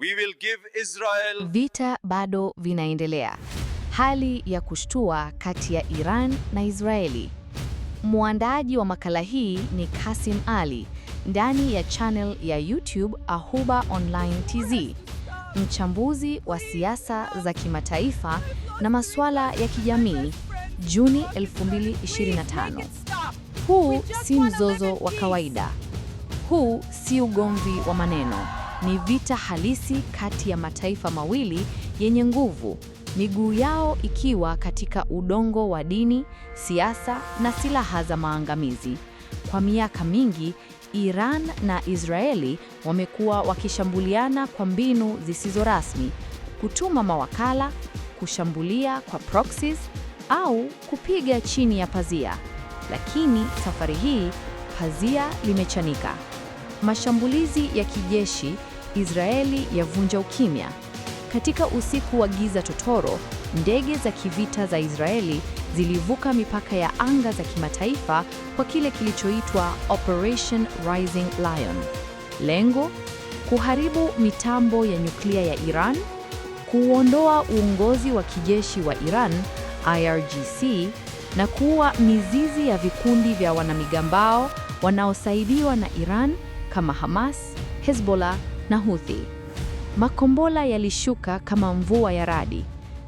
We will give Israel... Vita bado vinaendelea. Hali ya kushtua kati ya Iran na Israeli. Mwandaaji wa makala hii ni Kasim Ali ndani ya channel ya YouTube Ahuba Online TZ, mchambuzi wa siasa za kimataifa na masuala ya kijamii. Juni 2025. Huu si mzozo wa kawaida. Huu si ugomvi wa maneno. Ni vita halisi kati ya mataifa mawili yenye nguvu, miguu yao ikiwa katika udongo wa dini, siasa na silaha za maangamizi. Kwa miaka mingi, Iran na Israeli wamekuwa wakishambuliana kwa mbinu zisizo rasmi, kutuma mawakala, kushambulia kwa proxies au kupiga chini ya pazia. Lakini safari hii pazia limechanika. Mashambulizi ya kijeshi, Israeli yavunja ukimya. Katika usiku wa giza totoro, ndege za kivita za Israeli zilivuka mipaka ya anga za kimataifa kwa kile kilichoitwa Operation Rising Lion. Lengo: kuharibu mitambo ya nyuklia ya Iran, kuondoa uongozi wa kijeshi wa Iran IRGC na kuua mizizi ya vikundi vya wanamigambao wanaosaidiwa na Iran kama Hamas, Hezbollah na Houthi. Makombola yalishuka kama mvua ya radi.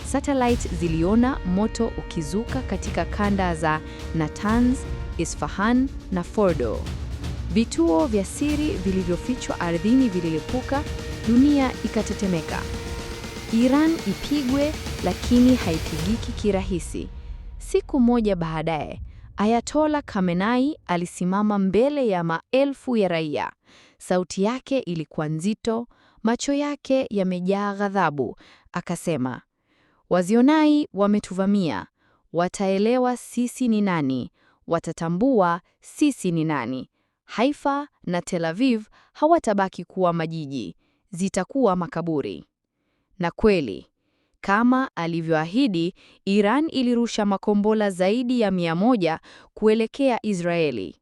Satellite ziliona moto ukizuka katika kanda za Natanz, Isfahan na Fordo. Vituo vya siri vilivyofichwa ardhini vililipuka, dunia ikatetemeka. Iran ipigwe, lakini haipigiki kirahisi. Siku moja baadaye Ayatola Khamenei alisimama mbele ya maelfu ya raia. Sauti yake ilikuwa nzito, macho yake yamejaa ghadhabu. Akasema, wazionai wametuvamia, wataelewa sisi ni nani, watatambua sisi ni nani. Haifa na Tel Aviv hawatabaki kuwa majiji, zitakuwa makaburi. Na kweli kama alivyoahidi, Iran ilirusha makombola zaidi ya mia moja kuelekea Israeli.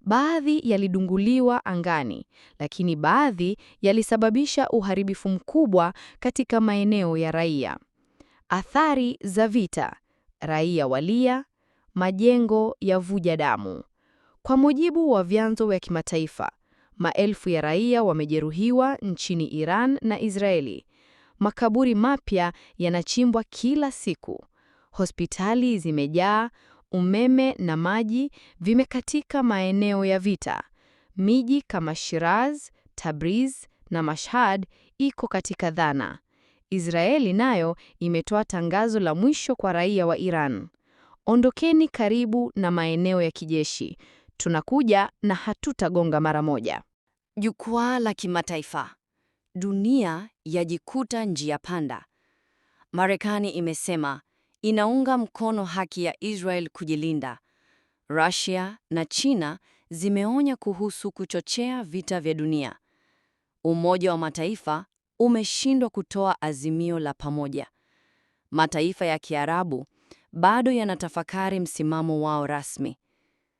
Baadhi yalidunguliwa angani, lakini baadhi yalisababisha uharibifu mkubwa katika maeneo ya raia. Athari za vita: raia walia, majengo ya vuja damu. Kwa mujibu wa vyanzo vya kimataifa, maelfu ya raia wamejeruhiwa nchini Iran na Israeli. Makaburi mapya yanachimbwa kila siku. Hospitali zimejaa, umeme na maji vimekatika maeneo ya vita. Miji kama Shiraz, Tabriz na Mashhad iko katika dhana. Israeli nayo imetoa tangazo la mwisho kwa raia wa Iran. Ondokeni karibu na maeneo ya kijeshi. Tunakuja na hatutagonga mara moja. Jukwaa la kimataifa dunia yajikuta njia panda. Marekani imesema inaunga mkono haki ya Israel kujilinda. Russia na China zimeonya kuhusu kuchochea vita vya dunia. Umoja wa Mataifa umeshindwa kutoa azimio la pamoja. Mataifa ya Kiarabu bado yanatafakari msimamo wao rasmi.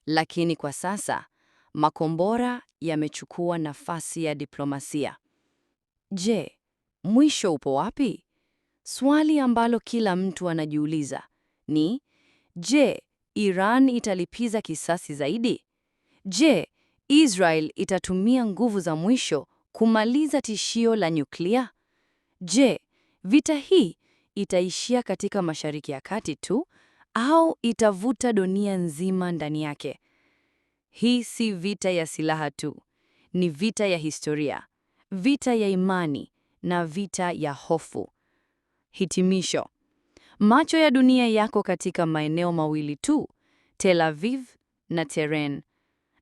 Lakini kwa sasa makombora yamechukua nafasi ya diplomasia. Je, mwisho upo wapi? Swali ambalo kila mtu anajiuliza ni je, Iran italipiza kisasi zaidi? Je, Israel itatumia nguvu za mwisho kumaliza tishio la nyuklia? Je, vita hii itaishia katika Mashariki ya Kati tu au itavuta dunia nzima ndani yake? Hii si vita ya silaha tu, ni vita ya historia vita ya imani na vita ya hofu. Hitimisho: macho ya dunia yako katika maeneo mawili tu, Tel Aviv na teren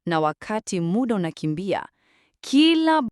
na wakati muda unakimbia kila